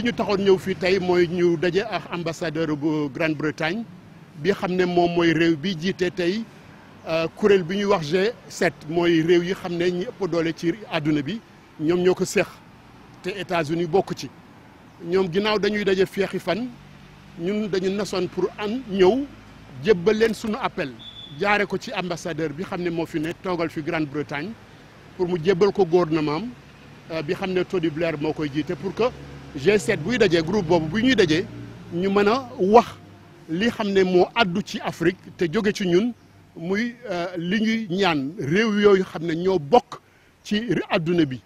li ñu taxoon ñëw fii tey mooy ñu daje ak ambassadeur bu Grande-Bretagne bi xam ne moom mooy réew bi jiite tey euh, kuréel bi ñuy wax jé 7 moy réew yi xamné ne ñi ëpp doole ci aduna bi ñom ñoko ko té États-Unis bokku ci ñom ginnaaw dañuy dajé fexi fan ñun dañu nasoon pour an ñëw jébbal leen suñu appel jaaré ko ci ambassadeur bi xamné mo fi né togal fi Grande-Bretagne pour mu jébbal ko gouvernement euh, bi xamné ne Tony Blair mo koy jité pour que G7 buy dajee groupe boobu bu ñuy dajee ñu mën a wax li xam ne moo àddu ci Afrique te jóge ci ñun muy euh, li ñuy ñaan réew yooyu xam ne ñoo bokk ci àdduna bi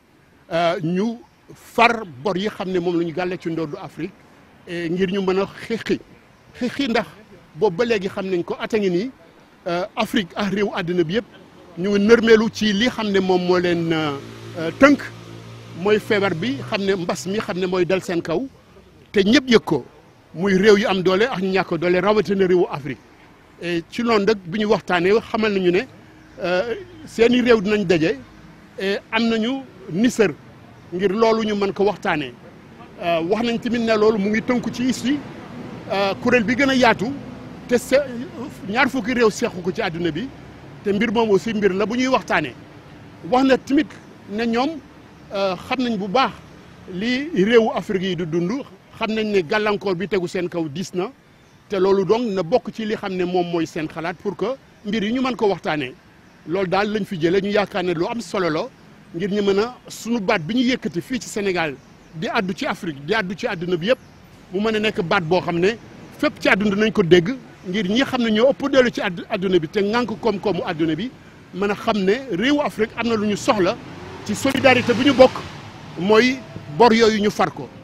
euh, ñu far bor yi xam ne moom la ñu gàlle ci ndoddu Afrique ngir ñu mën a xeexi xeexi ndax boobu ba léegi xam nañ ko ata ngi nii euh, Afrique ak réew àdduna bi yëpp ñu ngi nërmeelu ci li xam ne moom moo leen tënk mooy feebar bi xam ne mbas mi xam ne mooy dal seen kaw te ñëpp yëg ko muy réew yi am doole ak ñu ñàkk doole rawatina réewu Afrique et ci loon nag bi ñu waxtaanee xamal nañu ne euh, seeni réew dinañ daje am nañu nisër ngir loolu ñu mën ko waxtaanee euh, wax nañ tamit ne loolu mu ngi tënku ci ISRI euh, kuréel bi gën a yaatu te ñaar fukki réew seexu ko ci àdduna bi te mbir moom aussi mbir la bu ñuy waxtaanee wax na tamit ne ñoom. Euh, xam nañ bu baax li réewu Afrique yi du dund xam nañ ne gàllankoor bi tegu seen kaw diis na te loolu donc na bokk ci li xam ne moom mooy seen xalaat pour que mbir yi ñu mën ko waxtaanee loolu daal lañ fi jëlee ñu yaakaar ne lu am solo la ngir ñu mën a sunu baat bi ñu yëkkati fii ci senegal di addu ci Afrique di addu ci àdduna bi yëpp mu mën a nekk baat boo xam ne fépp ci àdduna nañ ko dégg ngir ñi xam ne ñoo ëpp dellu ci àdduna bi te ŋànk koom-koomu àdduna bi mën a xam ne réewu Afrique am na lu ñu soxla ci solidarité bu ñu bokk mooy bor yooyu ñu far ko